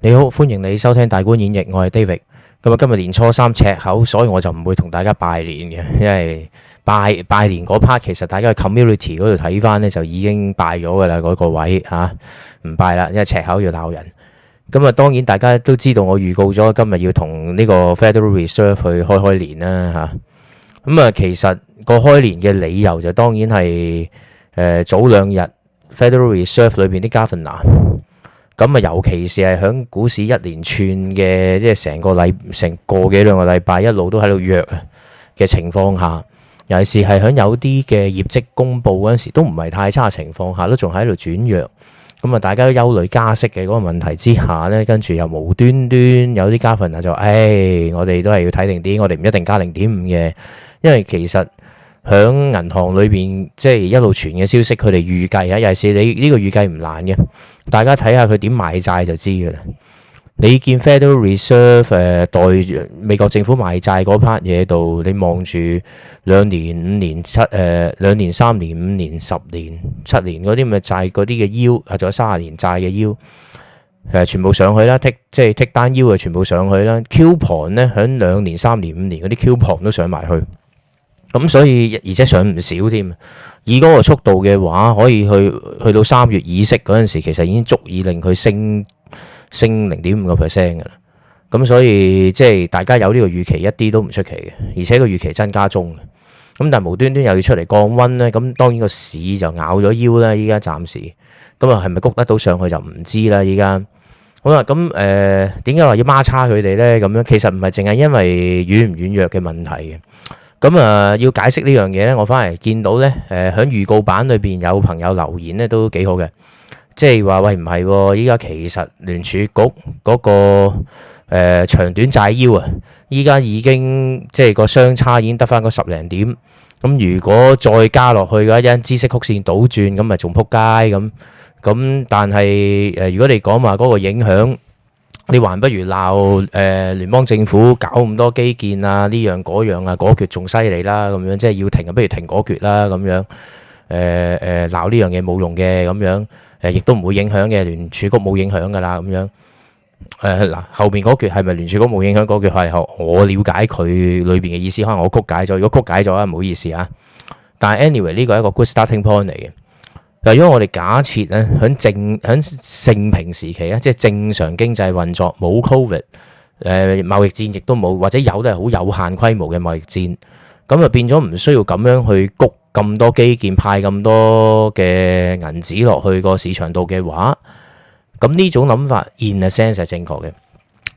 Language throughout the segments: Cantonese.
你好，歡迎你收聽大觀演繹，我係 David。咁啊，今日年初三赤口，所以我就唔會同大家拜年嘅，因為拜拜年嗰 part 其實大家 community 嗰度睇翻呢，就已經拜咗㗎喇，嗰、那個位吓唔、啊、拜啦，因為赤口要鬧人。咁、嗯、啊，當然大家都知道我預告咗今日要同呢個 Federal Reserve 去開開年啦吓。咁啊、嗯，其實個開年嘅理由就當然係誒、呃、早兩日 Federal Reserve 裏邊啲 Governor 咁啊，尤其是係喺股市一連串嘅，即係成個禮成個幾兩個禮拜一路都喺度弱嘅情況下，尤其是係喺有啲嘅業績公佈嗰陣時，都唔係太差嘅情況下，都仲喺度轉弱。咁啊，大家都憂慮加息嘅嗰、那個問題之下咧，跟住又無端端有啲嘉粉啊就誒、哎，我哋都係要睇定啲，我哋唔一定加零點五嘅，因為其實。喺銀行裏邊，即係一路傳嘅消息，佢哋預計啊，尤其是你呢、呢個預計唔難嘅，大家睇下佢點賣債就知嘅啦。你見 Federal Reserve 誒、呃、代美國政府賣債嗰 part 嘢度，你望住兩年、五年、七誒兩年、三年、五年、十年、七年嗰啲咪債嗰啲嘅腰啊，仲有三十年債嘅腰誒，全部上去啦，剔即係剔單腰啊，全部上去啦。Coupon 咧，響兩年、三年、五年嗰啲 coupon 都上埋去。咁所以而且上唔少添，以嗰個速度嘅話，可以去去到三月議息嗰陣時，其實已經足以令佢升升零點五個 percent 嘅啦。咁所以即係大家有呢個預期，一啲都唔出奇嘅。而且個預期增加中，咁但係無端端又要出嚟降溫咧。咁當然個市就咬咗腰啦。依家暫時咁啊，係咪谷得到上去就唔知啦。依家好啦，咁誒點解話要孖叉佢哋咧？咁樣其實唔係淨係因為軟唔軟弱嘅問題嘅。咁啊、嗯，要解釋呢樣嘢呢，我翻嚟見到呢，誒、呃、喺預告版裏邊有朋友留言呢，都幾好嘅，即係話喂唔係，依家、啊、其實聯儲局嗰、那個誒、呃、長短債腰啊，依家已經即係個相差已經得翻個十零點，咁、嗯、如果再加落去嘅話，因孳息曲線倒轉，咁咪仲撲街咁，咁但係誒、呃、如果你講話嗰個影響。你還不如鬧誒、呃、聯邦政府搞咁多基建啊，呢樣嗰樣啊，嗰橛仲犀利啦咁樣，即係要停啊，不如停嗰橛啦咁樣。誒、呃、誒，鬧呢樣嘢冇用嘅咁樣，誒、呃、亦都唔會影響嘅聯儲局冇影響噶啦咁樣。誒、呃、嗱，後面嗰橛係咪聯儲局冇影響，嗰橛係我了解佢裏邊嘅意思，可能我曲解咗，如果曲解咗啊，唔好意思啊。但係 anyway 呢個係一個 good starting point 嚟嘅。如果我哋假設咧，喺正喺盛平時期咧，即係正常經濟運作，冇 COVID，誒貿易戰亦都冇，或者有都係好有限規模嘅貿易戰，咁就變咗唔需要咁樣去谷咁多基建派咁多嘅銀紙落去個市場度嘅話，咁呢種諗法 in a sense 係正確嘅，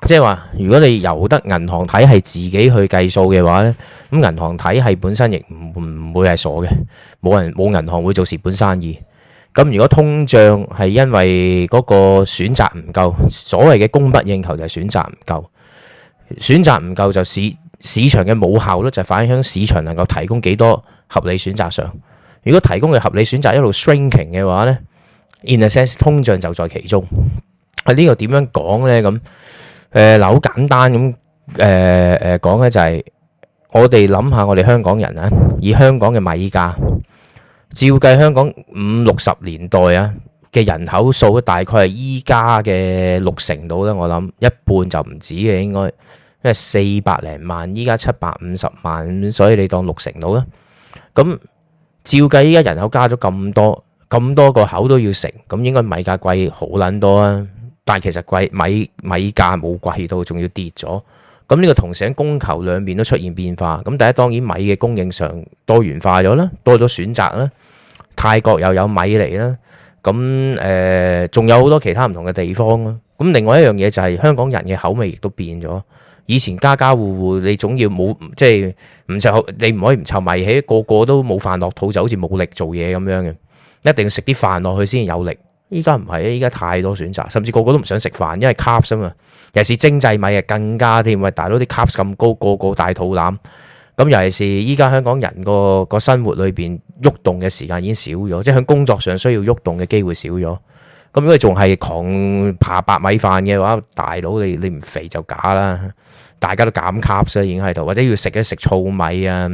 即係話如果你由得銀行體系自己去計數嘅話咧，咁銀行體系本身亦唔唔會係傻嘅，冇人冇銀行會做蝕本生意。咁如果通脹係因為嗰個選擇唔夠，所謂嘅供不應求就係選擇唔夠，選擇唔夠就市市場嘅冇效率就反映喺市場能夠提供幾多合理選擇上。如果提供嘅合理選擇一路 shrinking 嘅話呢，in a sense 通脹就在其中。啊，呢個點樣講呢？咁，誒嗱好簡單咁，誒誒講呢就係我哋諗下我哋香港人啊，以香港嘅米價。照計香港五六十年代啊嘅人口數，大概係依家嘅六成到啦。我諗一半就唔止嘅，應該因為四百零萬，依家七百五十萬，所以你當六成到啦。咁照計依家人口加咗咁多咁多個口都要食，咁應該米價貴好撚多啊。但係其實貴米米價冇貴到，仲要跌咗。咁呢個同時喺供求兩邊都出現變化。咁第一當然米嘅供應上多元化咗啦，多咗選擇啦。泰國又有米嚟啦，咁誒仲有好多其他唔同嘅地方啦。咁另外一樣嘢就係香港人嘅口味亦都變咗。以前家家戶戶，你總要冇即係唔就你唔可以唔就米起，個個都冇飯落肚就好似冇力做嘢咁樣嘅，一定要食啲飯落去先有力。依家唔係啊！依家太多選擇，甚至個個都唔想食飯，因為卡斯啊嘛。尤其是精製米啊，更加添。喂，大佬啲卡斯咁高，個個大肚腩。咁尤其是依家香港人個個生活裏邊喐動嘅時間已經少咗，即係喺工作上需要喐動嘅機會少咗。咁如果仲係狂扒白米飯嘅話，大佬你你唔肥就假啦。大家都減卡斯啊，已經喺度，或者要食一食糙米啊，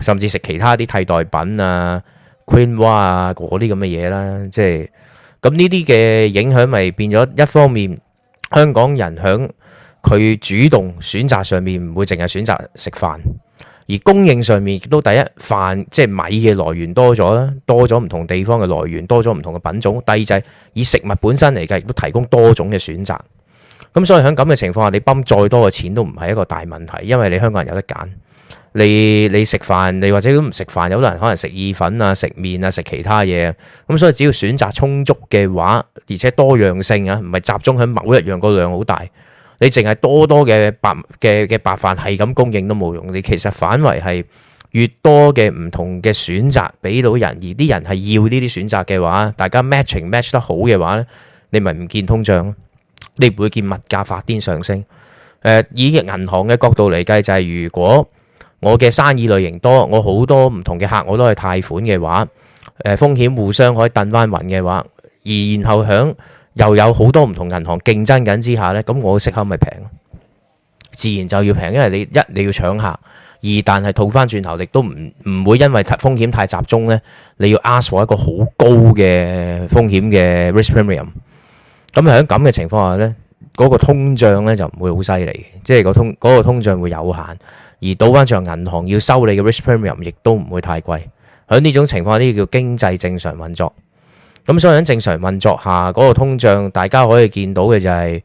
甚至食其他啲替代品啊、queen 蛙啊嗰啲咁嘅嘢啦，即係。咁呢啲嘅影響咪變咗一方面，香港人喺佢主動選擇上面唔會淨係選擇食飯，而供應上面亦都第一飯即係米嘅來源多咗啦，多咗唔同地方嘅來源，多咗唔同嘅品種。第二就係以食物本身嚟計，亦都提供多種嘅選擇。咁所以喺咁嘅情況下，你抌再多嘅錢都唔係一個大問題，因為你香港人有得揀。你你食飯，你或者都唔食飯，有好多人可能食意粉啊、食麵啊、食其他嘢咁，所以只要選擇充足嘅話，而且多樣性啊，唔係集中喺某一樣，個量好大，你淨係多多嘅白嘅嘅白飯係咁供應都冇用。你其實反為係越多嘅唔同嘅選擇俾到人，而啲人係要呢啲選擇嘅話，大家 matching match 得好嘅話咧，你咪唔見通脹，你唔會見物價發癲上升。誒、呃，以銀行嘅角度嚟計就係如果。我嘅生意類型多，我好多唔同嘅客，我都係貸款嘅話，誒風險互相可以揼翻勻嘅話，而然後響又有好多唔同銀行競爭緊之下呢，咁我嘅息口咪平，自然就要平，因為你一，你要搶客，二但係套翻轉頭，你都唔唔會因為太風險太集中呢，你要 ask 我一個好高嘅風險嘅 risk premium。咁喺咁嘅情況下呢，嗰、嗰個通脹呢就唔會好犀利，即、那、係個通嗰、嗰個通脹會有限。而倒翻上銀行要收你嘅 risk premium，亦都唔會太貴。喺呢種情況，呢叫經濟正常運作。咁所以喺正常運作下，嗰個通脹大家可以見到嘅就係，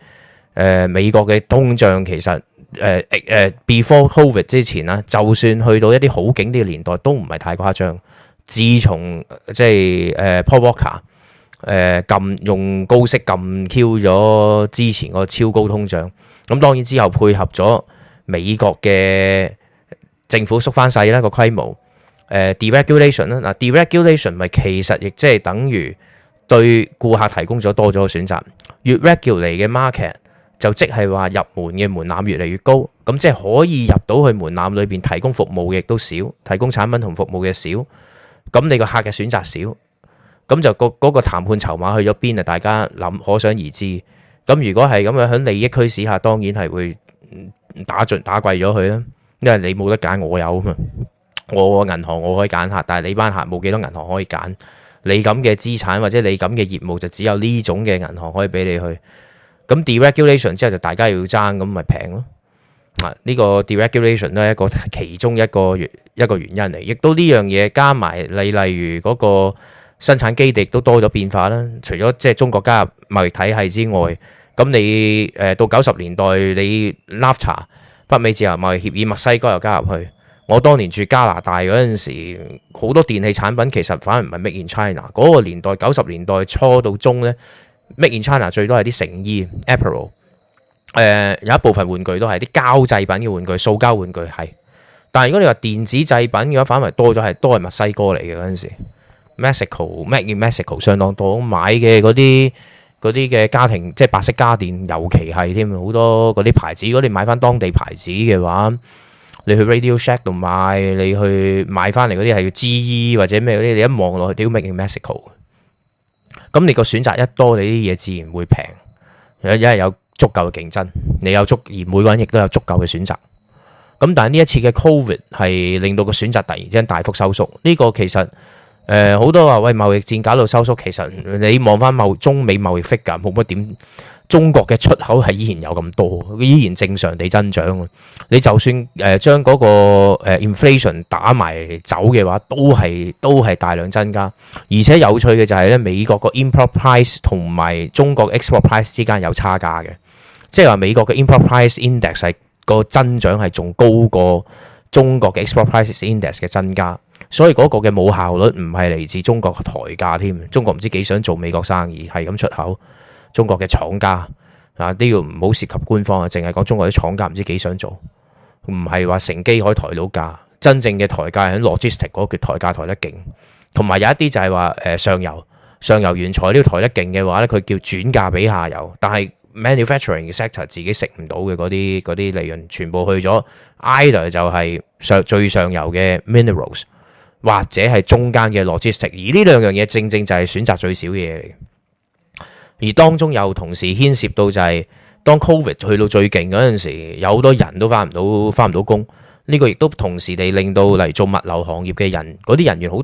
誒美國嘅通脹其實，誒誒 before COVID 之前啦，就算去到一啲好景啲年代，都唔係太誇張。自從即係誒 Volcker 誒撳用高息撳 q 咗之前個超高通脹，咁當然之後配合咗。美國嘅政府縮翻細啦個規模，誒 de-regulation 啦，嗱 de-regulation 咪其實亦即係等於對顧客提供咗多咗個選擇，越 regular 嘅 market 就即係話入門嘅門檻越嚟越高，咁即係可以入到去門檻裏邊提供服務嘅都少，提供產品同服務嘅少，咁你個客嘅選擇少，咁就、嗰個嗰、嗰個談判籌碼去咗邊啊？大家諗可想而知，咁如果係咁樣喺利益驅使下，當然係會。打盡打貴咗佢啦，因為你冇得揀，我有啊嘛。我銀行我可以揀客，但係你班客冇幾多銀行可以揀。你咁嘅資產或者你咁嘅業務就只有呢種嘅銀行可以俾你去。咁 de-regulation 之後就大家要爭，咁咪平咯。啊，呢個 de-regulation 都係一個其中一個原一個原因嚟，亦都呢樣嘢加埋例例如嗰個生產基地都多咗變化啦。除咗即係中國加入貿易體系之外。咁你誒、呃、到九十年代你，你 NAFTA 北美自由貿易協議，墨西哥又加入去。我當年住加拿大嗰陣時，好多電器產品其實反而唔係 Make in China 嗰、那個年代，九十年代初到中咧，Make in China 最多係啲成衣、Apparel、呃、誒有一部分玩具都係啲膠製品嘅玩具，塑膠玩具係。但係如果你話電子製品嘅話，反為多咗係都係墨西哥嚟嘅嗰陣時，Mexico Make in Mexico 相當多，買嘅嗰啲。嗰啲嘅家庭即係白色家電，尤其係添，好多嗰啲牌子。如果你買翻當地牌子嘅話，你去 Radio Shack 度買，你去買翻嚟嗰啲係要 GE 或者咩嗰啲，你一望落去，屌 make in Mexico。咁你個選擇一多，你啲嘢自然會平，因為有足夠嘅競爭，你有足而每個人亦都有足夠嘅選擇。咁但係呢一次嘅 COVID 係令到個選擇突然之間大幅收縮，呢個其實。誒，好、呃、多話喂，貿易戰搞到收縮，其實你望翻貿中美貿易 figure 冇乜點，中國嘅出口係依然有咁多，依然正常地增長。你就算誒將嗰個誒、呃、inflation 打埋走嘅話，都係都係大量增加。而且有趣嘅就係咧，美國個 import pr price 同埋中國嘅 export price 之間有差價嘅，即係話美國嘅 import pr price index 係、嗰個增長係仲高過中國嘅 export price index 嘅增加。所以嗰個嘅冇效率唔係嚟自中國嘅抬價添。中國唔知幾想做美國生意，係咁出口中國嘅廠家嗱、啊，都要唔好涉及官方啊。淨係講中國啲廠家唔知幾想做，唔係話乘機可以抬到價。真正嘅抬價喺 logistics 嗰個叫抬價抬得勁，同埋有一啲就係話誒上游上游原材料抬得勁嘅話咧，佢叫轉價俾下游。但係 manufacturing sector 自己食唔到嘅嗰啲嗰啲利潤，全部去咗 either 就係上最上游嘅 minerals。或者係中間嘅 logistics 而呢兩樣嘢正正就係選擇最少嘢嚟而當中又同時牽涉到就係、是、當 covid 去到最勁嗰陣時，有好多人都翻唔到翻唔到工，呢、這個亦都同時地令到嚟做物流行業嘅人，嗰啲人員好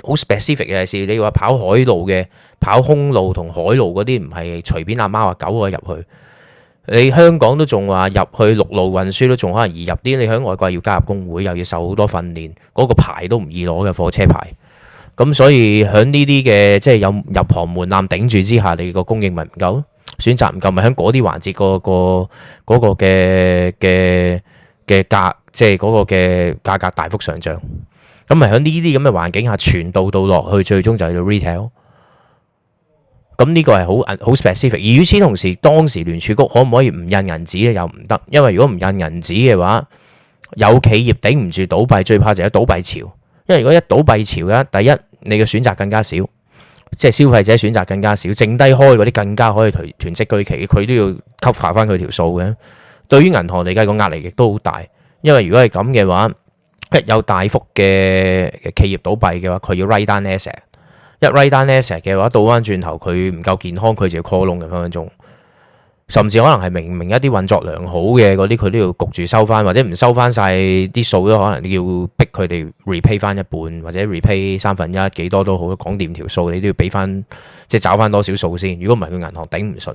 好 specific 嘅事，你話跑海路嘅、跑空路同海路嗰啲，唔係隨便阿媽啊、狗啊入去。你香港都仲話入去陸路運輸都仲可能易入啲，你喺外國要加入工會又要受好多訓練，嗰個牌都唔易攞嘅貨車牌。咁所以喺呢啲嘅即係有入行門檻頂住之下，你個供應咪唔夠，選擇唔夠咪喺嗰啲環節個個嗰個嘅嘅嘅價，即係嗰個嘅價格大幅上漲。咁咪喺呢啲咁嘅環境下傳導到落去最終就係到 retail。咁呢個係好好 specific，而與此同時，當時聯儲局可唔可以唔印銀紙咧？又唔得，因為如果唔印銀紙嘅話，有企業頂唔住倒閉，最怕就係倒閉潮。因為如果一倒閉潮咧，第一你嘅選擇更加少，即係消費者選擇更加少，剩低開嗰啲更加可以囤囤積居奇，佢都要 cover 翻佢條數嘅。對於銀行嚟計講，壓力亦都好大，因為如果係咁嘅話，有大幅嘅企業倒閉嘅話，佢要 write d 一 Ride 拉單咧成嘅話，倒翻轉頭佢唔夠健康，佢就要 call 窿嘅分分鐘。甚至可能係明明一啲運作良好嘅嗰啲，佢都要焗住收翻，或者唔收翻晒啲數都可能要逼佢哋 repay 翻一半，或者 repay 三分一幾多都好，講掂條數你都要俾翻，即係找翻多少數先。如果唔係，佢銀行頂唔順。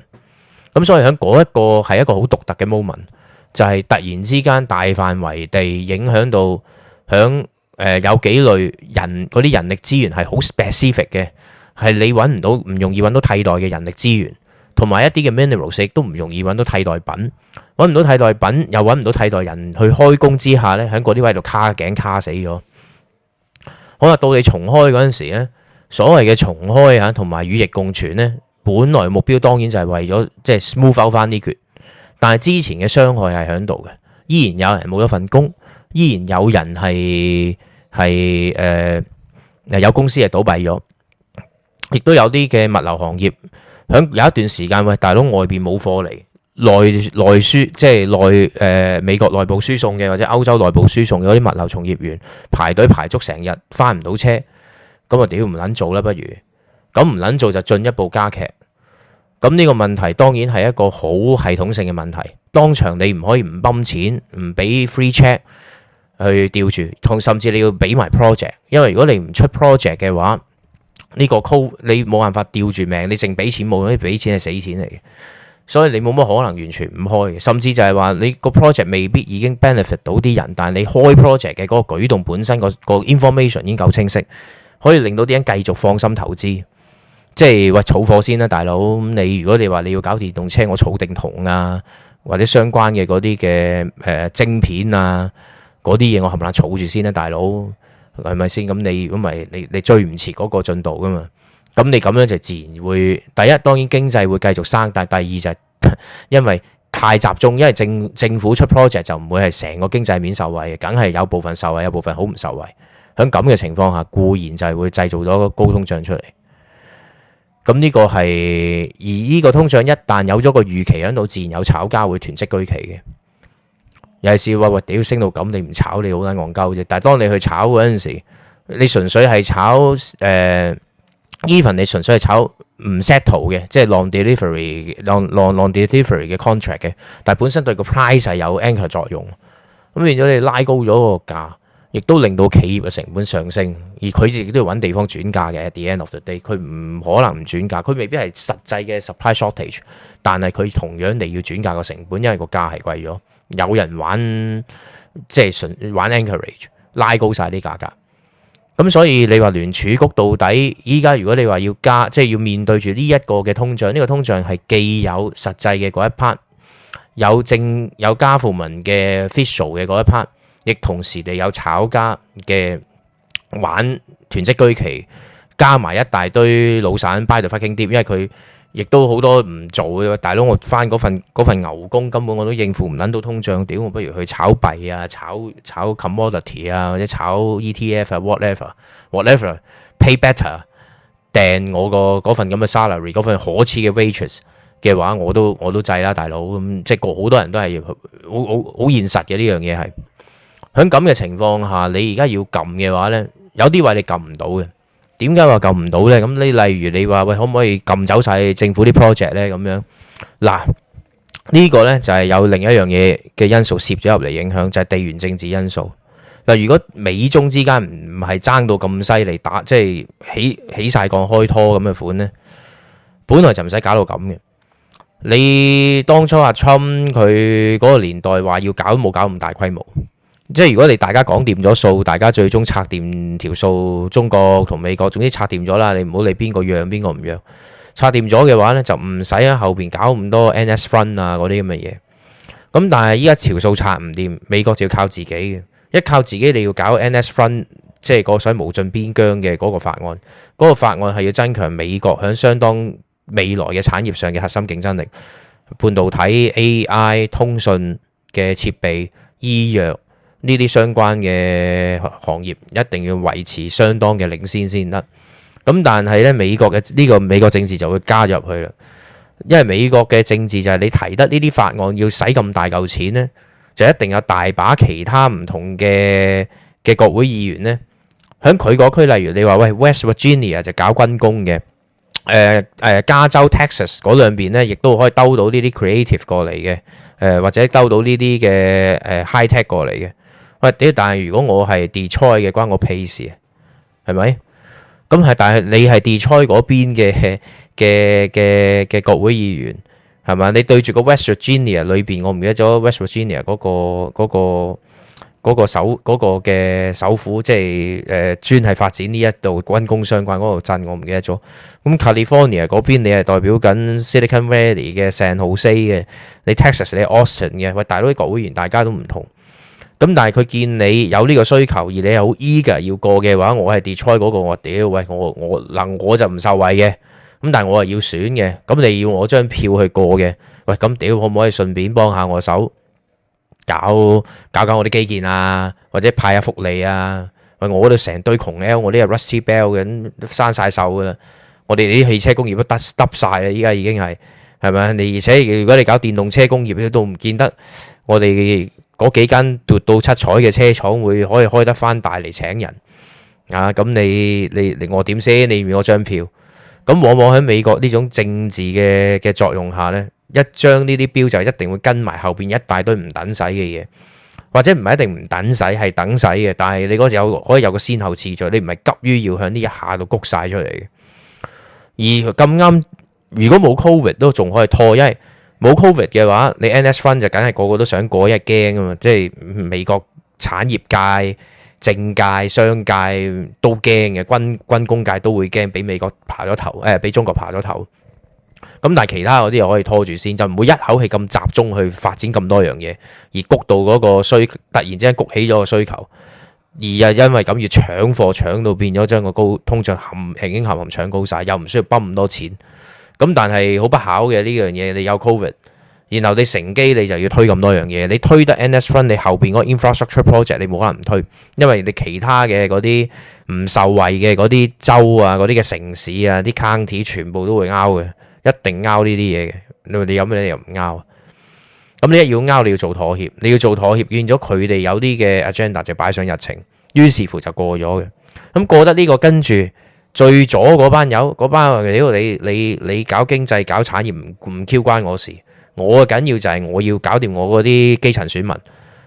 咁所以喺嗰一個係一個好獨特嘅 moment，就係、是、突然之間大範圍地影響到響。誒、呃，有幾類人嗰啲人力資源係好 specific 嘅，係你揾唔到，唔容易揾到替代嘅人力資源，同埋一啲嘅 minerals 亦都唔容易揾到替代品，揾唔到替代品，又揾唔到替代人去開工之下呢，喺嗰啲位度卡頸卡死咗。好啦，到你重開嗰陣時咧，所謂嘅重開吓，同埋與疫共存呢，本來目標當然就係為咗即係 smooth out 翻呢缺，但係之前嘅傷害係喺度嘅，依然有人冇咗份工。依然有人係係誒有公司係倒閉咗，亦都有啲嘅物流行業響有一段時間喂，大佬外邊冇貨嚟，內內輸即係內誒、呃、美國內部輸送嘅或者歐洲內部輸送嗰啲物流從業員排隊排足成日，翻唔到車，咁啊屌唔撚做啦，不如咁唔撚做，做就進一步加劇。咁呢個問題當然係一個好系統性嘅問題，當場你唔可以唔泵錢，唔俾 free check。去吊住，同甚至你要俾埋 project。因為如果你唔出 project 嘅話，呢個 call 你冇辦法吊住命。你淨俾錢，冇用俾錢係死錢嚟嘅，所以你冇乜可能完全唔開甚至就係話你個 project 未必已經 benefit 到啲人，但係你開 project 嘅嗰個舉動本身個個 information 已經夠清晰，可以令到啲人繼續放心投資。即係喂，儲貨先啦，大佬你如果你話你要搞電動車，我儲定銅啊，或者相關嘅嗰啲嘅誒晶片啊。嗰啲嘢我冚唪唥儲住先啦，大佬係咪先？咁你如果咪你你追唔切嗰個進度噶嘛？咁你咁樣就自然會，第一當然經濟會繼續生，但第二就因為太集中，因為政政府出 project 就唔會係成個經濟面受惠嘅，梗係有部分受惠，有部分好唔受惠。喺咁嘅情況下，固然就係會製造咗個高通脹出嚟。咁呢個係，而呢個通脹一旦有咗個預期喺度，自然有炒家會囤積居奇嘅。有時話，喂屌升到咁，你唔炒你好撚戇鳩啫。但係當你去炒嗰陣時，你純粹係炒誒 even，呃，你純粹係炒唔 settle 嘅，即係 long delivery long long long delivery 嘅 contract 嘅。但係本身對個 price 係有 anchor 作用咁，變咗你拉高咗個價，亦都令到企業嘅成本上升。而佢自己都要揾地方轉嫁嘅。at the end of the day，佢唔可能唔轉嫁，佢未必係實際嘅 supply shortage，但係佢同樣地要轉嫁個成本，因為個價係貴咗。有人玩即係純玩 encourage 拉高晒啲價格，咁所以你話聯儲局到底依家如果你話要加，即係要面對住呢一個嘅通脹，呢、呢個通脹係既有實際嘅嗰一 part，有正有 government 嘅 fiscal 嘅嗰一 part，亦同時地有炒家嘅玩囤積居奇，加埋一大堆老散 buy the fucking dip，因為佢。亦都好多唔做嘅，大佬我翻嗰份份牛工，根本我都應付唔撚到通脹，屌，我不如去炒幣啊、炒炒 commodity 啊、或者炒 ETF 啊、whatever，whatever，pay better，掟我、個嗰份咁嘅 salary、嗰份可恥嘅 wages 嘅話，我都我都制啦，大佬咁、嗯、即係個好多人都係好好好現實嘅呢樣嘢係。喺咁嘅情況下，你而家要撳嘅話呢，有啲位你撳唔到嘅。點解話救唔到咧？咁呢？例如你話喂，可唔可以撳走晒政府啲 project 咧？咁樣嗱，呢個咧就係有另一樣嘢嘅因素攝咗入嚟影響，就係地緣政治因素。嗱，如果美中之間唔係爭到咁犀利，打即係起起晒個開拖咁嘅款咧，本來就唔使搞到咁嘅。你當初阿 Trump 佢嗰個年代話要搞，都冇搞咁大規模。即係如果你大家講掂咗數，大家最終拆掂條數，中國同美國總之拆掂咗啦。你唔好理邊個讓邊個唔讓，拆掂咗嘅話呢，就唔使喺後邊搞咁多 NS Front 啊嗰啲咁嘅嘢。咁但係依家條數拆唔掂，美國就要靠自己嘅一靠自己，你要搞 NS Front，即係嗰個所謂無盡邊疆嘅嗰個法案。嗰個法案係要增強美國喺相當未來嘅產業上嘅核心競爭力，半導體、AI、通訊嘅設備、醫藥。.呢啲相關嘅行業一定要維持相當嘅領先先得。咁但係咧，美國嘅呢、呢個美國政治就會加入去啦。因為美國嘅政治就係你提得呢啲法案要使咁大嚿錢咧，就一定有大把其他唔同嘅嘅國會議員咧，喺佢嗰區。例如你話喂 West Virginia 就搞軍工嘅，誒、呃、誒加州 Texas 嗰兩邊咧，亦都可以兜到呢啲 creative 過嚟嘅，誒、呃、或者兜到呢啲嘅誒 high tech 過嚟嘅。喂，但係如果我係 Detroit 嘅，關我屁事啊，係咪？咁係，但係你係 Detroit 嗰邊嘅嘅嘅嘅國會議員，係咪？你對住個 West Virginia 裏邊，我唔記得咗 West Virginia 嗰個嗰個嗰個首嗰個嘅首府，即係誒、呃、專係發展呢一度軍工相關嗰度鎮，我唔記得咗。咁 California 嗰邊你，你係代表緊 Silicon Valley 嘅 San Jose 嘅，你 Texas 你 Austin 嘅，喂，大佬，啲國會議員大家都唔同。咁但係佢見你有呢個需求，而你又好 eager 噶要過嘅話，我係 Detroit 嗰個，我屌喂，我我嗱我就唔受惠嘅。咁但係我係要選嘅，咁你要我張票去過嘅，喂咁屌可唔可以順便幫下我手搞搞搞我啲基建啊，或者派下福利啊？喂，我嗰度成堆窮 l，我啲係 Rust Belt 嘅，生曬手噶啦。我哋啲汽車工業都耷耷曬啦，依家已經係係咪啊？你而且如果你搞電動車工業咧，都唔見得我哋。嗰幾間奪到七彩嘅車廠會可以開得翻大嚟請人啊！咁你你令我點先？你要我張票？咁往往喺美國呢種政治嘅嘅作用下咧，一張呢啲標就一定會跟埋後邊一大堆唔等使嘅嘢，或者唔係一定唔等使，係等使嘅。但係你嗰時候有可以有個先後次序，你唔係急於要向呢一下度谷晒出嚟嘅。而咁啱，如果冇 covid 都仲可以拖，因為。冇 Covid 嘅話，你 NS fund 就梗係個個都想嗰一驚啊嘛！即係美國產業界、政界、商界都驚嘅，軍軍工界都會驚，俾美國爬咗頭，誒、哎，俾中國爬咗頭。咁但係其他嗰啲又可以拖住先，就唔會一口氣咁集中去發展咁多樣嘢，而谷到嗰個需突然之間谷起咗個需求，而又因為咁要搶貨，搶到變咗將個高通脹冚已經冚冚搶高晒，又唔需要泵咁多錢。咁但係好不巧嘅呢樣嘢，你有 Covid 然後你乘機你就要推咁多樣嘢，你推得 NS front，你後邊嗰 infrastructure project 你冇可能唔推，因為你其他嘅嗰啲唔受惠嘅嗰啲州啊、嗰啲嘅城市啊、啲 county 全部都會拗嘅，一定拗呢啲嘢嘅。你話你有咩理由唔拗？咁你一要拗你要做妥協，你要做妥協，見咗佢哋有啲嘅 agenda 就擺上日程，於是乎就過咗嘅。咁過得呢個跟住。最左嗰班友，嗰班你你你搞經濟搞產業唔唔 Q 關我事，我緊要就係我要搞掂我嗰啲基層選民，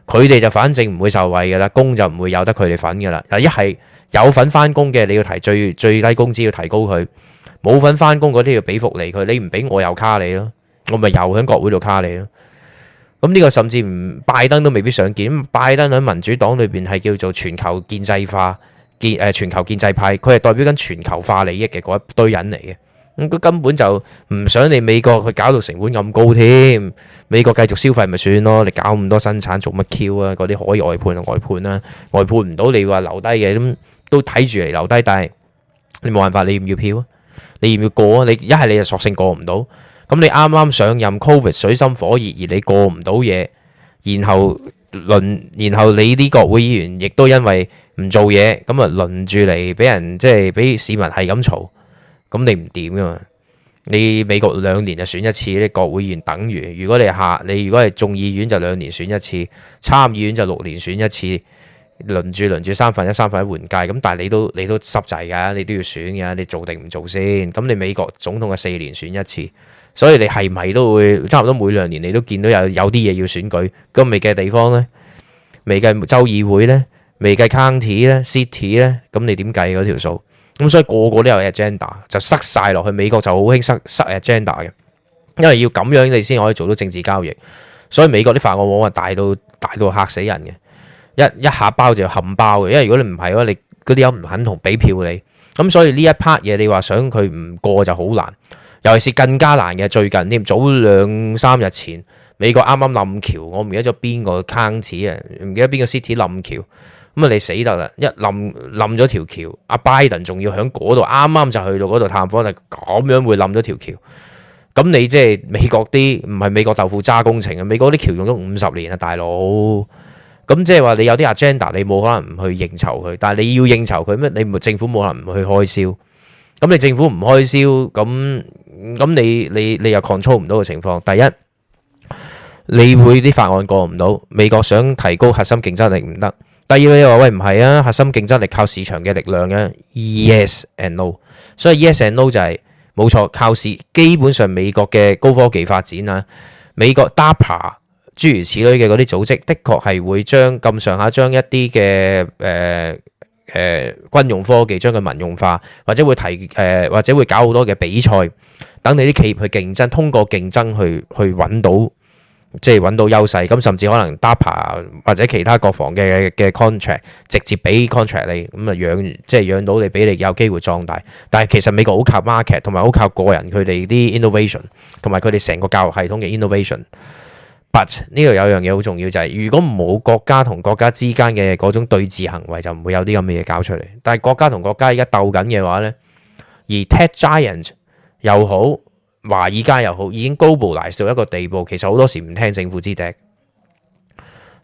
佢哋就反正唔會受惠㗎啦，工就唔會有得佢哋份㗎啦。一係有份翻工嘅你要提最最低工資要提高佢，冇份翻工嗰啲要俾福利佢，你唔俾我又卡你咯，我咪又喺國會度卡你咯。咁呢個甚至唔拜登都未必想見，拜登喺民主黨裏邊係叫做全球建制化。建誒，全球建制派，佢係代表緊全球化利益嘅嗰一堆人嚟嘅，咁佢根本就唔想你美國去搞到成本咁高添，美國繼續消費咪算咯，你搞咁多生產做乜 Q 啊？嗰啲可以外判就外判啦，外判唔到你話留低嘅咁都睇住嚟留低，但係你冇辦法，你唔要票啊，你唔要過啊，你一係你就索性過唔到，咁你啱啱上任，covid 水深火熱，而你過唔到嘢，然後輪，然後你呢啲國會議員亦都因為。唔做嘢咁啊，輪住嚟俾人即係俾市民係咁嘈，咁你唔掂噶嘛？你美國兩年就選一次啲國會議員，等於如果你下你如果係眾議院就兩年選一次，參議院就六年選一次，輪住輪住三分一三分一換屆，咁但係你都你都，你都濕滯㗎，你都要選㗎，你做定唔做先？咁你美國總統係四年選一次，所以你係咪都會差唔多每兩年你都見到有有啲嘢要選舉？咁未計地方呢？未計州議會呢？未計 county 咧，city 咧，咁你點計嗰條數？咁所以個個都有 agenda，就塞晒落去，美國就好興塞塞 agenda 嘅，因為要咁樣你先可以做到政治交易。所以美國啲法案往往大到大到嚇死人嘅，一一下包就要冚包嘅。因為如果你唔係嘅話，你嗰啲友唔肯同俾票你，咁所以呢一 part 嘢你話想佢唔過就好難，尤其是更加難嘅。最近添，早兩三日前美國啱啱冧橋，我唔記得咗邊個 county 啊，唔記得邊個 city 冧橋。咁啊！你死得啦，一冧冧咗條橋，阿拜登仲要喺嗰度啱啱就去到嗰度探訪，就咁樣會冧咗條橋。咁你即係美國啲唔係美國豆腐渣工程啊？美國啲橋用咗五十年啊，大佬。咁即係話你有啲 agenda，你冇可能唔去應酬佢，但係你要應酬佢咩？你冇政府冇可能唔去開銷。咁你政府唔開銷，咁咁你你你又 control 唔到嘅情況。第一，你會啲法案過唔到，美國想提高核心競爭力唔得。第二位又話，喂唔係啊，核心競爭力靠市場嘅力量嘅、mm.，yes and no。所以 yes and no 就係、是、冇錯，靠市。基本上美國嘅高科技發展啊，美國 DARPA 諸如此類嘅嗰啲組織，的確係會將咁上下將一啲嘅誒誒軍用科技將佢民用化，或者會提誒、呃，或者會搞好多嘅比賽，等你啲企業去競爭，通過競爭去去揾到。即係揾到優勢，咁甚至可能 DARPA 或者其他國防嘅嘅 contract 直接俾 contract 你，咁啊養即係養到你，俾你有機會壯大。但係其實美國好靠 market，同埋好靠個人佢哋啲 innovation，同埋佢哋成個教育系統嘅 innovation。But 呢度有樣嘢好重要就係，如果冇國家同國家之間嘅嗰種對峙行為，就唔會有啲咁嘅嘢搞出嚟。但係國家同國家而家鬥緊嘅話呢，而 Tech Giant 又好。華爾街又好，已經 globalize 到一個地步。其實好多時唔聽政府之敵，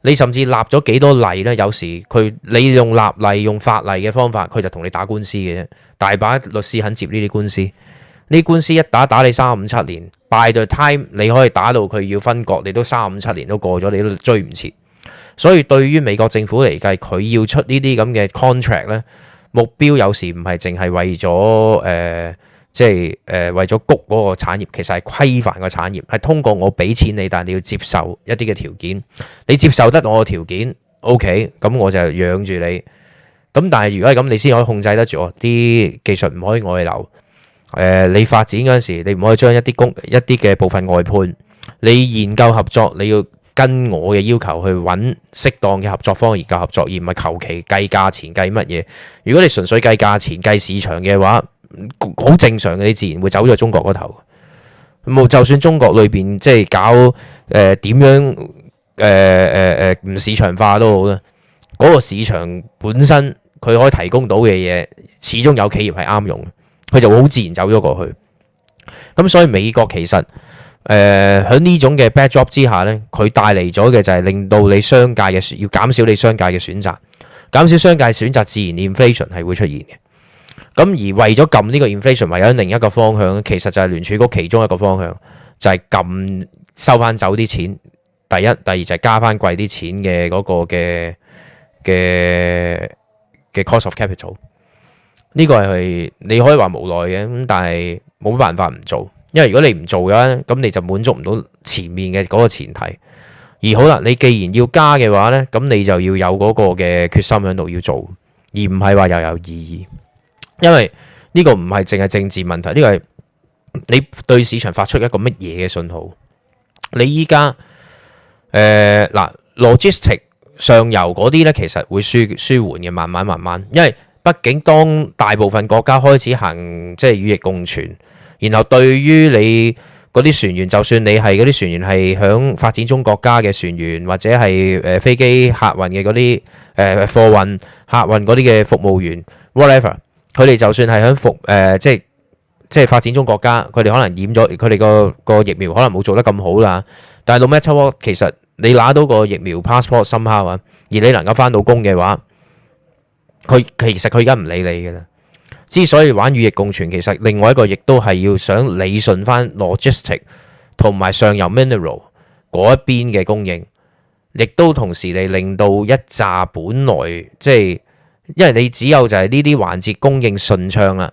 你甚至立咗幾多例呢？有時佢你用立例、用法例嘅方法，佢就同你打官司嘅啫。大把律師肯接呢啲官司，呢官司一打打你三五七年，by the time 你可以打到佢要分割，你都三五七年都過咗，你都追唔切。所以對於美國政府嚟計，佢要出呢啲咁嘅 contract 呢，目標有時唔係淨係為咗誒。呃即係誒、呃，為咗谷嗰個產業，其實係規範個產業，係通過我俾錢你，但係你要接受一啲嘅條件。你接受得我嘅條件，OK，咁我就養住你。咁但係如果係咁，你先可以控制得住哦。啲技術唔可以外流。誒、呃，你發展嗰陣時，你唔可以將一啲工一啲嘅部分外判。你研究合作，你要跟我嘅要求去揾適當嘅合作方研究合作，而唔係求其計價錢計乜嘢。如果你純粹計價錢計市場嘅話，好正常嘅，你自然會走咗中國嗰頭，冇就算中國裏邊即係搞誒點、呃、樣誒誒誒唔市場化都好啦，嗰、那個市場本身佢可以提供到嘅嘢，始終有企業係啱用，佢就會好自然走咗過去。咁所以美國其實誒喺呢種嘅 backdrop 之下咧，佢帶嚟咗嘅就係令到你商界嘅，要減少你商界嘅選擇，減少商界選擇，自然 inflation 係會出現嘅。咁而為咗撳呢個 inflation，為咗另一個方向，其實就係聯儲局其中一個方向，就係、是、撳收翻走啲錢。第一、第二就係加翻貴啲錢嘅嗰、那個嘅嘅嘅 cost of capital。呢個係你可以話無奈嘅，咁，但係冇辦法唔做，因為如果你唔做嘅，咁你就滿足唔到前面嘅嗰個前提。而好啦，你既然要加嘅話咧，咁你就要有嗰個嘅決心喺度要做，而唔係話又有意義。因為呢個唔係淨係政治問題，呢個係你對市場發出一個乜嘢嘅信號。你依家誒嗱、呃，Logistic 上游嗰啲呢，其實會舒舒緩嘅，慢慢慢慢。因為畢竟當大部分國家開始行即係與疫共存，然後對於你嗰啲船員，就算你係嗰啲船員係響發展中國家嘅船員，或者係誒飛機客運嘅嗰啲誒貨運、客運嗰啲嘅服務員，whatever。佢哋就算係喺服誒，即係即係發展中國家，佢哋可能染咗，佢哋個個疫苗可能冇做得咁好啦。但係老咩，其實你拿到個疫苗 passport，深敲啊，而你能夠翻到工嘅話，佢其實佢而家唔理你嘅啦。之所以玩與疫共存，其實另外一個亦都係要想理順翻 logistic 同埋上游 mineral 嗰一邊嘅供應，亦都同時地令到一紮本來即係。因為你只有就係呢啲環節供應順暢啦，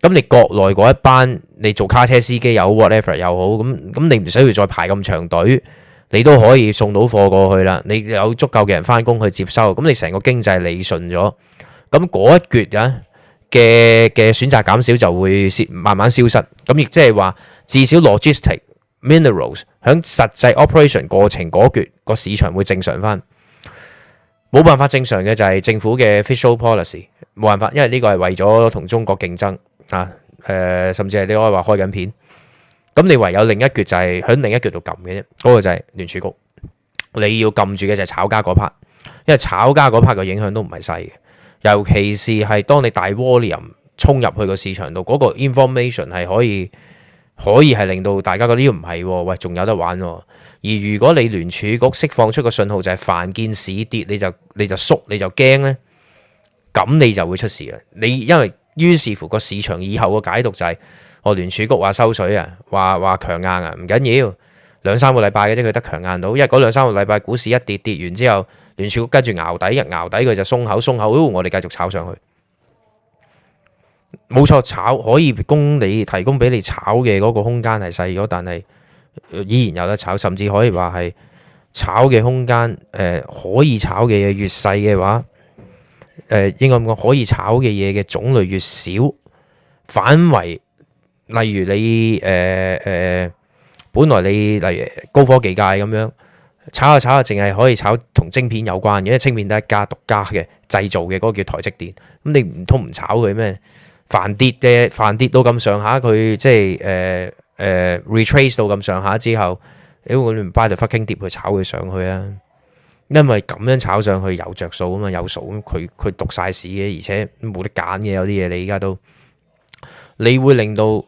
咁你國內嗰一班你做卡車司機又好，whatever 又好，咁咁你唔使佢再排咁長隊，你都可以送到貨過去啦。你有足夠嘅人翻工去接收，咁你成個經濟理順咗，咁嗰一橛嘅嘅選擇減少就會慢慢消失。咁亦即係話，至少 logistic minerals 響實際 operation 過程嗰橛個市場會正常翻。冇辦法正常嘅就係政府嘅 fiscal policy 冇辦法，因為呢個係為咗同中國競爭啊。誒、呃，甚至係你可以話開緊片咁，你唯有另一橛就係喺另一橛度撳嘅啫。嗰、那個就係聯儲局，你要撳住嘅就係炒家嗰 part，因為炒家嗰 part 嘅影響都唔係細嘅，尤其是係當你大 volume 衝入去個市場度，嗰、那個 information 係可以可以係令到大家覺得唔係，喂，仲有得玩啊。而如果你聯儲局釋放出個信號，就係凡見市跌你就你就縮你就驚呢，咁你就會出事啦。你因為於是乎個市場以後嘅解讀就係、是，哦聯儲局話收水啊，話話強硬啊，唔緊要兩三個禮拜嘅啫，佢得強硬到，因為嗰兩三個禮拜股市一跌跌完之後，聯儲局跟住淆底，一淆底佢就鬆口鬆口，我哋繼續炒上去。冇錯，炒可以供你提供俾你炒嘅嗰個空間係細咗，但係，依然有得炒，甚至可以話係炒嘅空間，誒、呃，可以炒嘅嘢越細嘅話，誒、呃，應該點講？可以炒嘅嘢嘅種類越少，反為，例如你誒誒、呃呃，本來你例如高科技界咁樣炒下炒下，淨係可以炒同晶片有關嘅，因為晶片都係一家獨家嘅製造嘅，嗰個叫台積電，咁你唔通唔炒佢咩？反跌嘅，反跌到咁上下，佢即係誒。呃誒、呃、retrace 到咁上下之後，你唔 buy fucking 跌去炒佢上去啊！因為咁樣炒上去有着數啊嘛，有數佢佢讀晒市嘅，而且冇得揀嘅，有啲嘢你依家都你會令到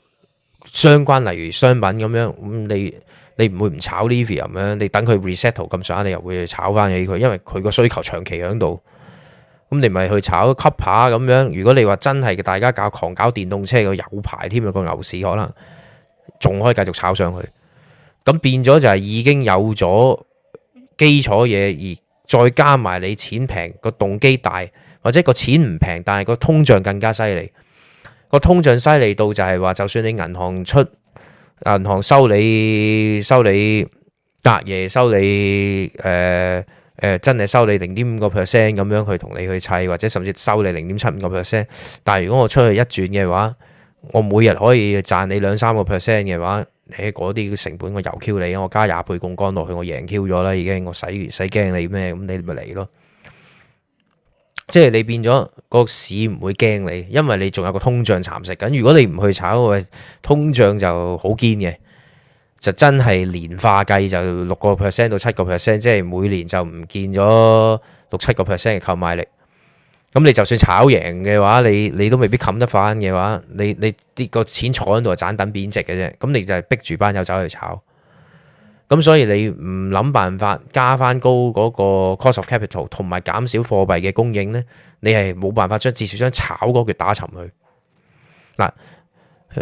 相關例如商品咁樣，咁、嗯、你你唔會唔炒 lithium 咩，啊？你等佢 reset 到咁上下，你又會炒翻起佢，因為佢個需求長期喺度。咁你咪去炒 copper 咁樣？如果你話真係大家搞狂搞電動車個有排添啊，個牛市可能。仲可以繼續炒上去，咁變咗就係已經有咗基礎嘢，而再加埋你錢平個動機大，或者個錢唔平，但係個通脹更加犀利。個通脹犀利到就係話，就算你銀行出銀行收你收你隔夜收你誒誒，呃，真係收你零點五個 percent 咁樣去同你去砌，或者甚至收你零點七五個 percent。但係如果我出去一轉嘅話，我每日可以賺你兩三個 percent 嘅話，你嗰啲成本我油 q 你，我加廿倍槓桿落去，我贏 q 咗啦，已經我使使驚你咩？咁你咪嚟咯。即係你變咗個市唔會驚你，因為你仲有個通脹蠶食緊。如果你唔去炒，喂，通脹就好堅嘅，就真係年化計就六個 percent 到七個 percent，即係每年就唔見咗六七個 percent 嘅購買力。咁你就算炒贏嘅話，你你都未必冚得翻嘅話，你你啲個錢坐喺度啊，盞等貶值嘅啫。咁你就係逼住班友走去炒。咁所以你唔諗辦法加翻高嗰個 cost of capital，同埋減少貨幣嘅供應呢，你係冇辦法將至少將炒嗰橛打沉去。嗱，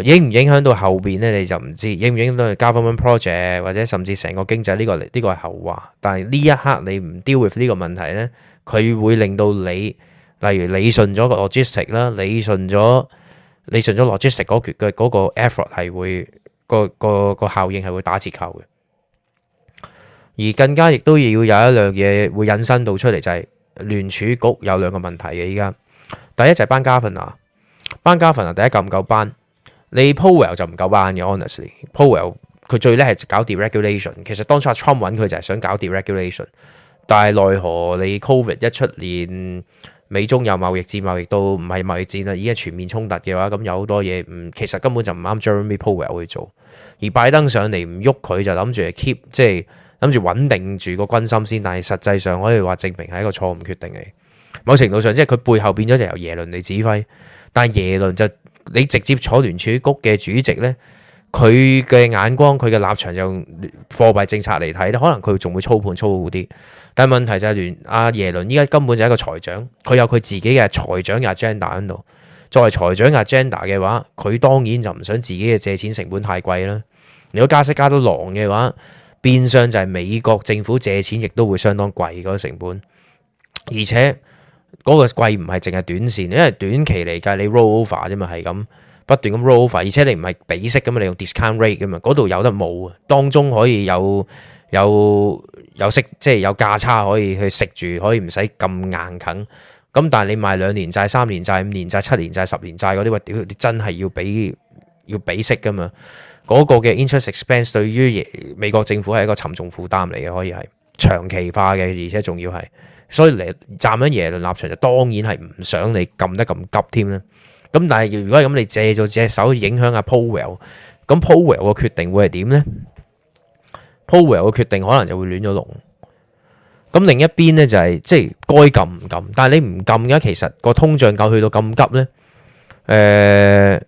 影唔影響到後邊呢？你就唔知影唔影響到 government project 或者甚至成個經濟呢、呢個呢、呢個係後話。但係呢一刻你唔 deal with 呢個問題呢，佢會令到你。例如理順咗個 logistic 啦，理順咗理順咗 logistic 嗰橛嘅嗰個 effort 係會，個個個效應係會打折扣嘅。而更加亦都要有一樣嘢會引申到出嚟，就係聯儲局有兩個問題嘅依家。第一就係班 Governor，班 Governor 第一夠唔夠班？你 Powell 就唔夠班嘅，honestly。Powell 佢最叻係搞 deregulation，其實當初阿 Trump 揾佢就係想搞 deregulation，但係奈何你 Covid 一出年。美中有貿易戰，貿易都唔係貿易戰啦，而家全面衝突嘅話，咁有好多嘢，嗯，其實根本就唔啱 Jeremy Powell 去做，而拜登上嚟唔喐佢，就諗住係 keep 即係諗住穩定住個軍心先，但係實際上可以話證明係一個錯誤決定嚟。某程度上，即係佢背後變咗就由耶倫嚟指揮，但係耶倫就你直接坐聯儲局嘅主席呢，佢嘅眼光、佢嘅立場，就用貨幣政策嚟睇咧，可能佢仲會操盤操好啲。但係問題就係聯阿耶倫依家根本就係一個財長，佢有佢自己嘅財長 agenda 喺度。作為財長 agenda 嘅話，佢當然就唔想自己嘅借錢成本太貴啦。如果加息加得狼嘅話，變相就係美國政府借錢亦都會相當貴嗰成本，而且嗰個貴唔係淨係短線，因為短期嚟計你 roll over 啫嘛，係咁不斷咁 roll over，而且你唔係比息噶嘛，你用 discount rate 噶嘛，嗰度有得冇啊？當中可以有。有有息，即係有價差可以去食住，可以唔使咁硬啃。咁但係你買兩年債、三年債、五年債、七年債、十年債嗰啲，喂，屌真係要俾要俾息噶嘛？嗰個嘅 interest expense 對於美國政府係一個沉重負擔嚟嘅，可以係長期化嘅，而且仲要係。所以嚟站喺耶倫立場就當然係唔想你撳得咁急添啦。咁但係如果係咁，你借咗隻手影響下 Powell，咁 Powell 嘅決定會係點呢？Powell 嘅決定可能就會亂咗龍。咁另一邊呢、就是，就係即係該撳唔撳，但係你唔撳嘅，其實個通脹夠去到咁急呢？誒、呃，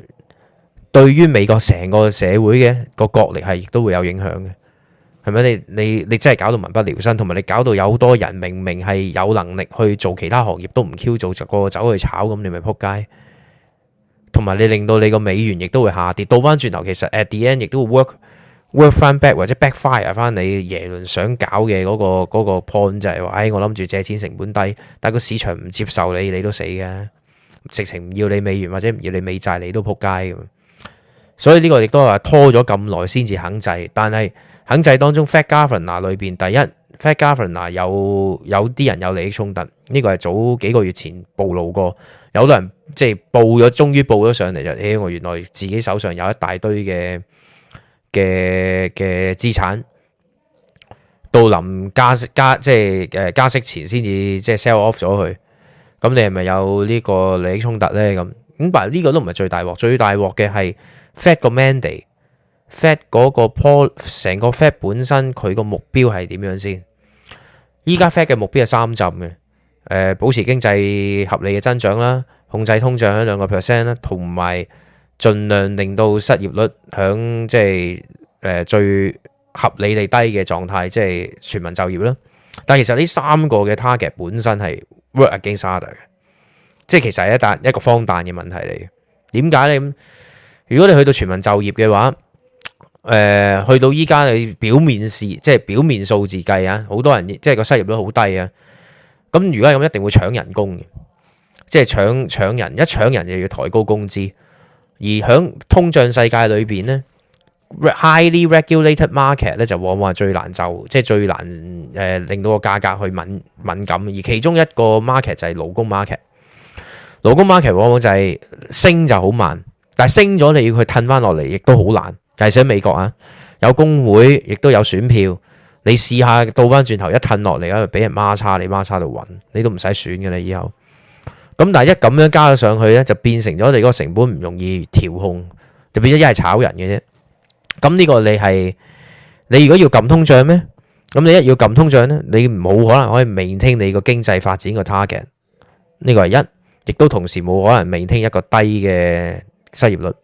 對於美國成個社會嘅個角力係亦都會有影響嘅。係咪？你你你真係搞到民不聊生，同埋你搞到有好多人明明係有能力去做其他行業都唔 Q，做就個走去炒，咁你咪撲街。同埋你令到你個美元亦都會下跌。倒翻轉頭，其實 at the end 亦都會 work。work 反 back 或者 back fire 翻你耶倫想搞嘅嗰、那個那個 point 就係、是、話，哎，我諗住借錢成本低，但個市場唔接受你，你都死嘅。直情唔要你美元或者唔要你美債，你都仆街。所以呢個亦都係拖咗咁耐先至肯制，但係肯制當中，Fed Governor 嗱裏邊第一，Fed Governor 主持人有有啲人有利益衝突，呢、這個係早幾個月前暴露過，有啲人即係、就是、報咗，終於報咗上嚟就，哎，我原來自己手上有一大堆嘅。嘅嘅資產到臨加息加即係誒加息前先至即係 sell off 咗佢，咁你係咪有呢個利益衝突咧？咁咁，但係呢個都唔係最大鑊，最大鑊嘅係 Fed 個 mandate，Fed 嗰個 Powell 成個 Fed 本身佢個目標係點樣先？依家 Fed 嘅目標係三浸嘅，誒、呃、保持經濟合理嘅增長啦，控制通脹喺兩個 percent 啦，同埋，盡量令到失業率喺即係誒、呃、最合理地低嘅狀態，即係全民就業啦。但其實呢三個嘅 target 本身係 work against each other 嘅，即係其實係一單一個荒誕嘅問題嚟嘅。點解咧？如果你去到全民就業嘅話，誒、呃、去到依家你表面是即係表面數字計啊，好多人即係個失業率好低啊。咁如果係咁，一定會搶人工嘅，即係搶搶人，一搶人就要抬高工資。而喺通脹世界裏邊呢 highly regulated market 呢就往往最難就即係最難誒、呃、令到個價格去敏敏感。而其中一個 market 就係勞工 market，勞工 market 往往就係升就好慢，但係升咗你要佢褪翻落嚟，亦都好難。尤其是美國啊，有工會，亦都有選票。你試下倒翻轉頭一褪落嚟，因為俾人孖叉你孖叉度揾，你都唔使選嘅啦，以後。咁但係一咁樣加咗上去咧，就變成咗你個成本唔容易調控，就變咗一係炒人嘅啫。咁呢個你係你如果要撳通脹咩？咁你一要撳通脹咧，你冇可能可以 maintain 你個經濟發展個 target。呢個係一，亦都同時冇可能 maintain 一個低嘅失業率。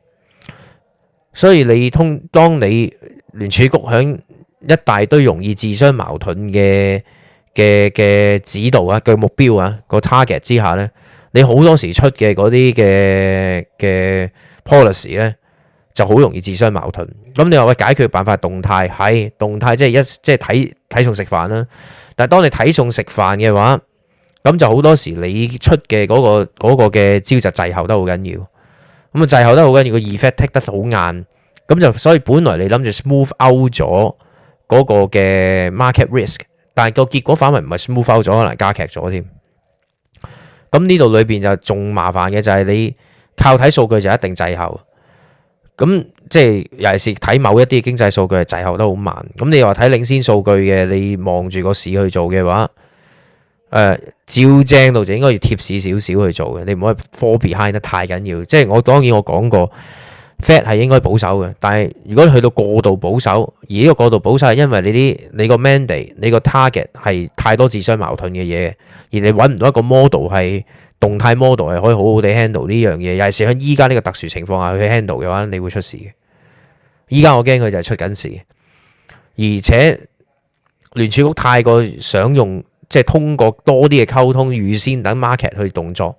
所以你通當你聯儲局喺一大堆容易自相矛盾嘅嘅嘅指導啊、嘅目標啊、個 target 之下咧。你好多時出嘅嗰啲嘅嘅 policy 咧，就好容易自相矛盾。咁你話喂，解決辦法係動態，係動態即係一即係睇睇餸食飯啦。但係當你睇餸食飯嘅話，咁就好多時你出嘅嗰個嗰個嘅招就滯後得好緊要。咁啊嗰個滯後得好緊要，個 effect take 得好硬。咁就所以本來你諗住 smooth out 咗嗰個嘅 market risk，但係個結果反為唔係 smooth out 咗，可能加劇咗添。咁呢度裏邊就仲麻煩嘅就係你靠睇數據就一定滯後，咁即係尤其是睇某一啲經濟數據係滯後得好慢。咁你又話睇領先數據嘅，你望住個市去做嘅話，呃，照正度就應該要貼市少少去做嘅。你唔可以科比 high 得太緊要，即係我當然我講過。fat 係應該保守嘅，但係如果去到過度保守，而呢個過度保守係因為你啲你個 mandate、你個 target 係太多自相矛盾嘅嘢，而你揾唔到一個 model 係動態 model 係可以好好地 handle 呢樣嘢，尤其是喺依家呢個特殊情況下去 handle 嘅話，你會出事嘅。依家我驚佢就係出緊事，而且聯儲局太過想用即係通過多啲嘅溝通，預先等 market 去動作。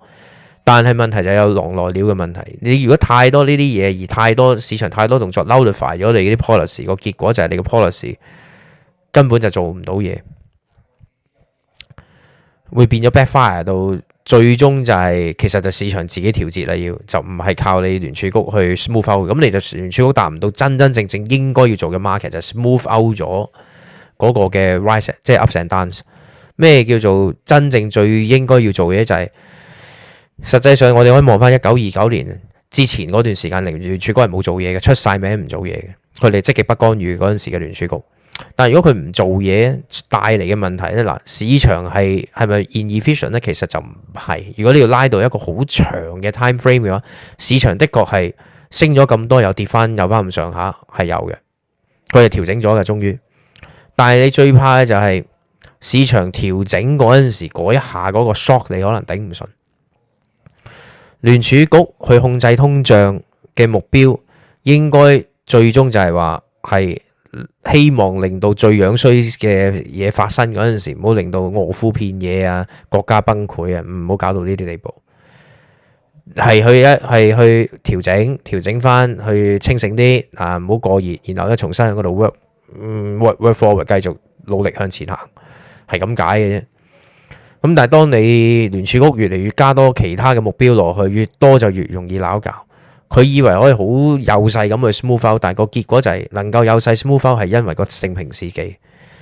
但係問題就係有狼來了嘅問題。你如果太多呢啲嘢，而太多市場太多動作 nullify 咗你啲 policy，個結果就係你個 policy 根本就做唔到嘢，會變咗 backfire 到最終就係、是、其實就市場自己調節啦，要就唔係靠你聯儲局去 smooth out。咁你就聯儲局達唔到真真正正應該要做嘅 market，就是、smooth out 咗嗰個嘅 rise，即係 up and down。咩叫做真正最應該要做嘅嘢就係、是？實際上我哋可以望翻，一九二九年之前嗰段時間，聯聯儲局係冇做嘢嘅，出晒名唔做嘢嘅。佢哋積極不干預嗰陣時嘅聯儲局。但如果佢唔做嘢，帶嚟嘅問題咧，嗱，市場係係咪 inefficient 咧？是是其實就唔係。如果你要拉到一個好長嘅 time frame 嘅話，市場的確係升咗咁多，又跌翻，又翻咁上下，係有嘅。佢哋調整咗嘅，終於。但係你最怕咧就係市場調整嗰陣時，嗰一下嗰個 shock 你可能頂唔順。聯儲局去控制通脹嘅目標，應該最終就係話係希望令到最樣衰嘅嘢發生嗰陣時，唔好令到餓夫遍野啊，國家崩潰啊，唔好搞到呢啲地步。係去一係去調整，調整翻去清醒啲啊，唔好過熱，然後咧重新喺嗰度 work，嗯 work work forward，繼續努力向前行，係咁解嘅啫。咁但係當你聯儲局越嚟越加多其他嘅目標落去，越多就越容易攪搞。佢以為可以好幼細咁去 smooth out，但係個結果就係能夠幼細 smooth out 係因為個盛平時期。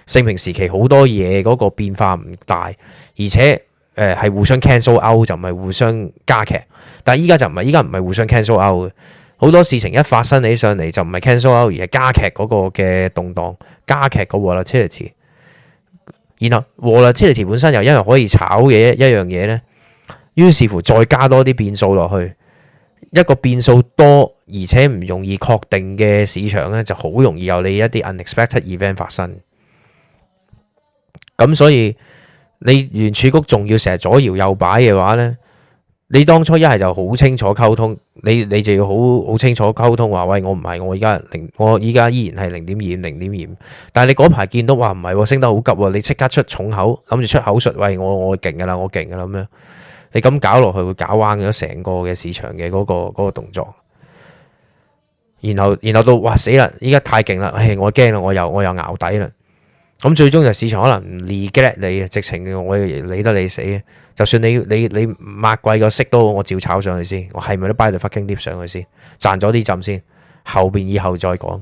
盛平時期好多嘢嗰個變化唔大，而且誒係互相 cancel out 就唔係互相加劇。但係依家就唔係，依家唔係互相 cancel out 嘅。好多事情一發生起上嚟就唔係 cancel out 而係加劇嗰個嘅動盪，加劇嗰個啦，車釐然後，哇！啦，車釐子本身又因為可以炒嘅一樣嘢咧，於是乎再加多啲變數落去，一個變數多而且唔容易確定嘅市場咧，就好容易有你一啲 unexpected event 發生。咁所以你聯儲局仲要成日左搖右擺嘅話呢。你當初一係就好清楚溝通，你你就要好好清楚溝通，話喂，我唔係我而家零，我依家依然係零點二五零點二五，但係你嗰排見到話唔係，升得好急，你即刻出重口，諗住出口術，喂，我我勁噶啦，我勁噶啦咁樣，你咁搞落去會搞彎咗成個嘅市場嘅嗰個嗰個動作，然後然後到哇死啦，依家太勁啦，唉我驚啦，我又我又咬底啦。咁最終就市場可能唔 reg 你啊，直情我要理得你死啊！就算你你你抹貴個息都好，我照炒上去先。我係咪都 by 到發 king 啲上去先，賺咗呢陣先，後邊以後再講。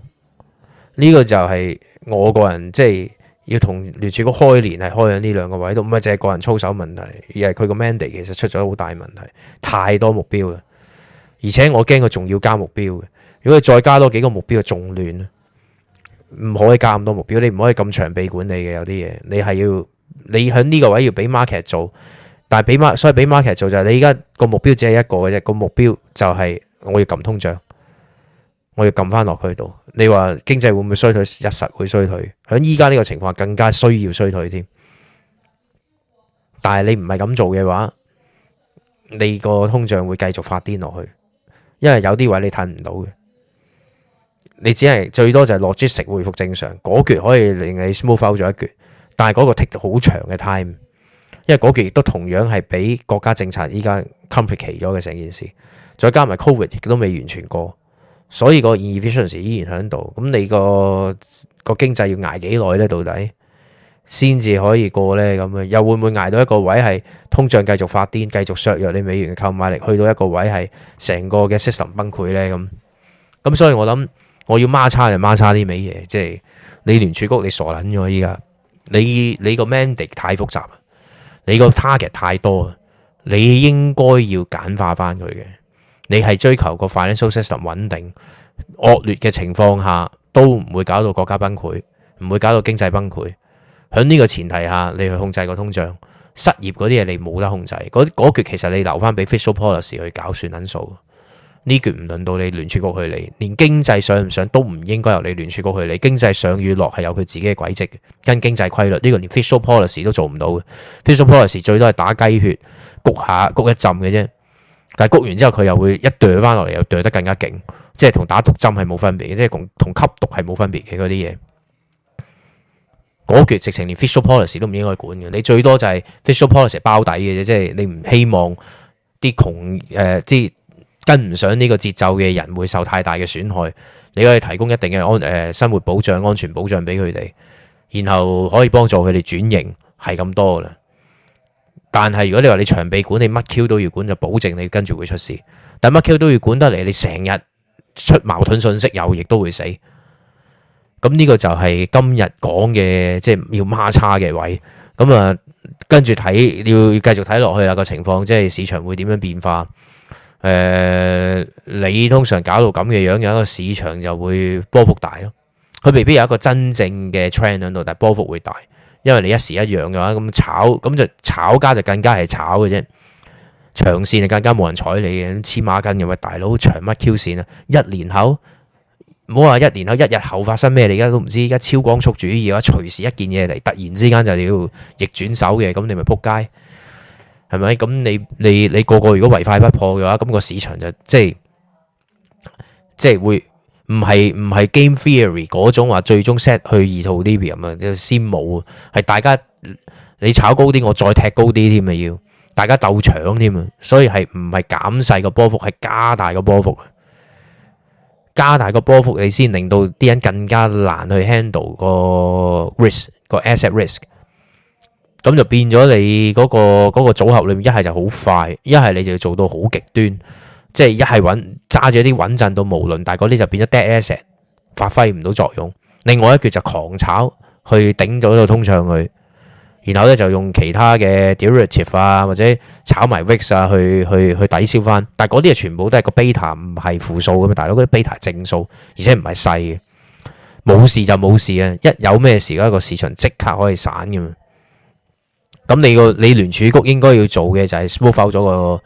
呢、這個就係我個人即係要同聯儲局開年係開響呢兩個位度，唔係淨係個人操守問題，而係佢個 mandate 其實出咗好大問題，太多目標啦。而且我驚佢仲要加目標嘅，如果佢再加多幾個目標，就仲亂啦。唔可以加咁多目標，你唔可以咁長臂管理嘅。有啲嘢，你係要你喺呢個位要俾 market 做，但係俾，所以俾 market 做就係你而家個目標只係一個嘅啫，個目標就係我要撳通脹，我要撳翻落去度。你話經濟會唔會衰退？一實會衰退。喺依家呢個情況更加需要衰退添。但係你唔係咁做嘅話，你個通脹會繼續發癲落去，因為有啲位你睇唔到嘅。你只係最多就係 logistics 回復正常，嗰橛可以令你 smooth out 咗一橛，但係嗰個 take 好長嘅 time，因為嗰橛亦都同樣係俾國家政策依家 complicate 咗嘅成件事，再加埋 covid 亦都未完全過，所以個 inefficiency 依然喺度，咁你個個經濟要挨幾耐咧？到底先至可以過咧？咁啊，又會唔會挨到一個位係通脹繼續發癲，繼續削弱你美元嘅購買力，去到一個位係成個嘅 system 崩潰咧？咁咁所以我諗。我要孖叉就孖叉啲尾嘢，即係你聯儲局你傻捻咗依家，你你個 mandate 太複雜，你個 target 太多，你應該要簡化翻佢嘅。你係追求個 financial system 穩定，惡劣嘅情況下都唔會搞到國家崩潰，唔會搞到經濟崩潰。喺呢個前提下，你去控制個通脹、失業嗰啲嘢，你冇得控制。嗰、那、嗰、個那個、其實你留翻俾 fiscal policy 去搞算捻數。呢橛唔輪到你聯儲局去理，連經濟上唔上都唔應該由你聯儲局去理。經濟上與落係有佢自己嘅軌跡嘅，跟經濟規律。呢、這個連 fiscal policy 都做唔到嘅，fiscal policy 最多係打雞血，谷下谷一浸嘅啫。但係谷完之後佢又會一啄翻落嚟，又啄得更加勁，即係同打毒針係冇分別嘅，即係同同吸毒係冇分別嘅嗰啲嘢。嗰橛、那個、直情連 fiscal policy 都唔應該管嘅，你最多就係 fiscal policy 包底嘅啫，即係你唔希望啲窮誒即。呃跟唔上呢個節奏嘅人會受太大嘅損害，你可以提供一定嘅安誒、呃、生活保障、安全保障俾佢哋，然後可以幫助佢哋轉型，係咁多噶啦。但係如果你話你長臂管，你乜 Q 都要管，就保證你跟住會出事。但乜 Q 都要管得嚟，你成日出矛盾信息又亦都會死。咁呢個就係今日講嘅，即係要孖叉嘅位。咁啊，跟住睇要繼續睇落去啊、這個情況，即係市場會點樣變化。誒、呃，你通常搞到咁嘅樣，有一個市場就會波幅大咯。佢未必有一個真正嘅 trend 喺度，但係波幅會大，因為你一時一樣嘅話，咁炒咁就炒家就更加係炒嘅啫。長線就更加冇人睬你嘅，黐孖筋咁樣，大佬長乜 Q 線啊？一年後唔好話一年後，一日後發生咩你而家都唔知。而家超光速主義啊，隨時一件嘢嚟，突然之間就要逆轉手嘅，咁你咪撲街。係咪咁？你你你個個如果違法不破嘅話，咁個市場就即係即係會唔係唔係 game theory 嗰種話最終 set 去二套呢邊咁啊？先冇啊，係大家你炒高啲，我再踢高啲添啊！要大家鬥搶添啊，所以係唔係減細個波幅，係加大個波幅，加大個波幅你先令到啲人更加難去 handle 個 risk 個 asset risk。咁就變咗你嗰個嗰個組合裏面，一係就好快，一係你就要做到好極端，即係一係穩揸住啲穩陣到無論，但係嗰啲就變咗 dead asset，發揮唔到作用。另外一橛就狂炒去頂咗到通脹去，然後咧就用其他嘅 derivative 啊或者炒埋 VIX 啊去去去，去抵消翻。但係嗰啲啊全部都係個 beta 唔係負數咁啊，大佬嗰啲 beta 正數，而且唔係細嘅，冇事就冇事啊。一有咩事，而家個市場即刻可以散咁啊。咁你聯儲個你聯儲局應該要做嘅就係 smooth out 咗個，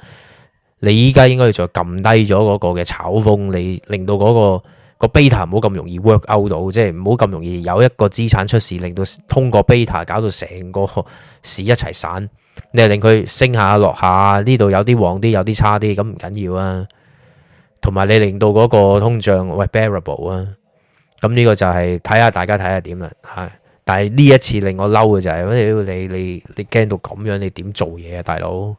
你依家應該要做撳低咗嗰個嘅炒風，你令到嗰個個 beta 唔好咁容易 work out 到，即係唔好咁容易有一個資產出事，令到通過 beta 搞到成個市一齊散，你係令佢升下落下呢度有啲旺啲，有啲差啲，咁唔緊要緊啊。同埋你令到嗰個通脹喂、哎、bearable 啊。咁呢個就係睇下大家睇下點啦，係。但係呢一次令我嬲嘅就係，屌你你你驚到咁樣，你點做嘢啊？大佬？唔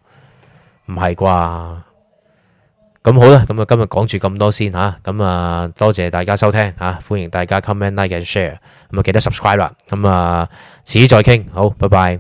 係啩？咁好啦，咁啊今日講住咁多先吓，咁啊多謝大家收聽吓，歡迎大家 comment like and share，咁啊記得 subscribe 啦，咁啊遲啲再傾，好，拜拜。